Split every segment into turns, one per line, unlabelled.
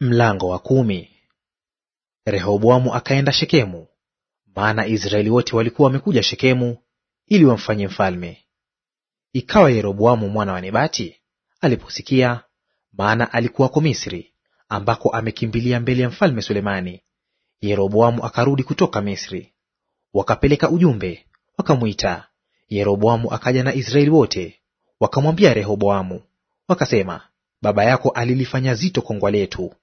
Mlango wa kumi. Rehoboamu akaenda Shekemu, maana Israeli wote walikuwa wamekuja Shekemu ili wamfanye mfalme. Ikawa Yeroboamu mwana wa Nebati aliposikia, maana alikuwako Misri, ambako amekimbilia mbele ya mfalme Sulemani, Yeroboamu akarudi kutoka Misri. Wakapeleka ujumbe wakamwita Yeroboamu, akaja na Israeli wote, wakamwambia Rehoboamu, wakasema, baba yako alilifanya zito kongwa letu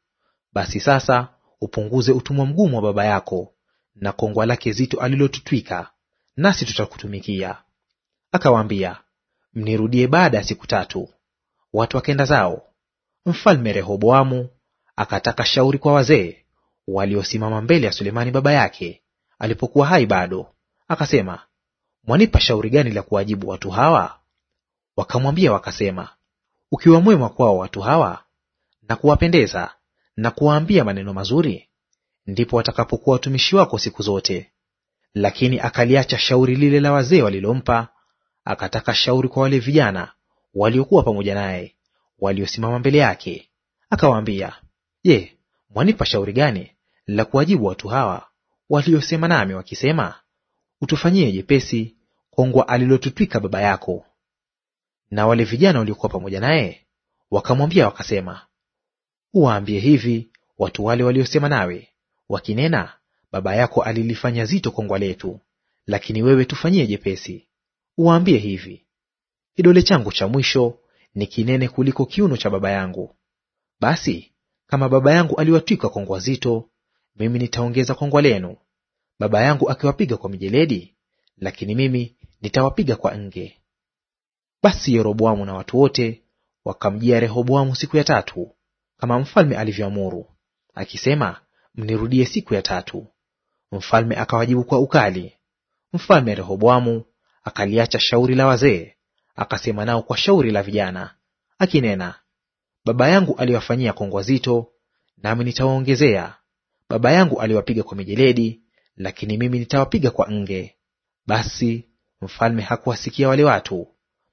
basi sasa upunguze utumwa mgumu wa baba yako na kongwa lake zito alilotutwika, nasi tutakutumikia. Akawaambia, mnirudie baada ya siku tatu. Watu wakenda zao. Mfalme Rehoboamu akataka shauri kwa wazee waliosimama mbele ya Sulemani baba yake alipokuwa hai bado, akasema, mwanipa shauri gani la kuwajibu watu hawa? Wakamwambia wakasema, ukiwa mwema kwao watu hawa na kuwapendeza na kuwaambia maneno mazuri, ndipo watakapokuwa watumishi wako siku zote. Lakini akaliacha shauri lile la wazee walilompa, akataka shauri kwa wale vijana waliokuwa pamoja naye, waliosimama mbele yake, akawaambia, Je, mwanipa shauri gani la kuwajibu watu hawa waliosema nami wakisema, utufanyie jepesi kongwa alilotutwika baba yako? Na wale vijana waliokuwa pamoja naye wakamwambia wakasema, Uwaambie hivi watu wale waliosema nawe wakinena, baba yako alilifanya zito kongwa letu, lakini wewe tufanyie jepesi. Uwaambie hivi, kidole changu cha mwisho ni kinene kuliko kiuno cha baba yangu. Basi kama baba yangu aliwatwika kongwa zito, mimi nitaongeza kongwa lenu. Baba yangu akiwapiga kwa mijeledi, lakini mimi nitawapiga kwa nge. Basi Yeroboamu na watu wote wakamjia Rehoboamu siku ya tatu kama mfalme alivyoamuru, akisema, mnirudie siku ya tatu. Mfalme akawajibu kwa ukali. Mfalme Rehoboamu akaliacha shauri la wazee, akasema nao kwa shauri la vijana, akinena, baba yangu aliwafanyia kongwa zito, nami nitawaongezea. Baba yangu aliwapiga kwa mijeledi, lakini mimi nitawapiga kwa nge. Basi mfalme hakuwasikia wale watu,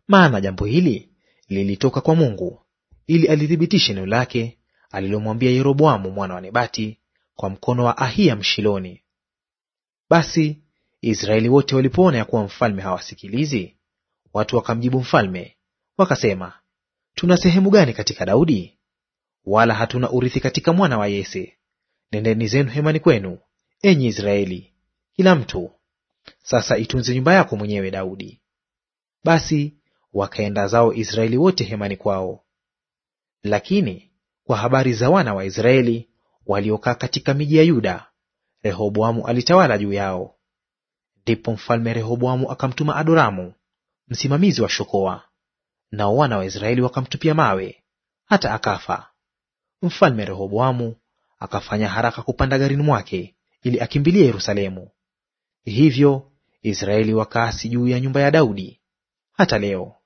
maana jambo hili lilitoka kwa Mungu ili alithibitishe neno lake alilomwambia Yeroboamu mwana wa Nebati kwa mkono wa ahia Mshiloni. Basi Israeli wote walipoona ya kuwa mfalme hawasikilizi, watu wakamjibu mfalme wakasema, tuna sehemu gani katika Daudi? Wala hatuna urithi katika mwana wa Yese. Nendeni zenu hemani kwenu, enyi Israeli, kila mtu sasa itunze nyumba yako mwenyewe Daudi. Basi wakaenda zao Israeli wote hemani kwao. Lakini kwa habari za wana wa Israeli waliokaa katika miji ya Yuda, Rehoboamu alitawala juu yao. Ndipo mfalme Rehoboamu akamtuma Adoramu msimamizi wa shokoa, nao wana wa Israeli wakamtupia mawe hata akafa. Mfalme Rehoboamu akafanya haraka kupanda garini mwake ili akimbilie Yerusalemu. Hivyo Israeli wakaasi juu ya nyumba ya Daudi hata leo.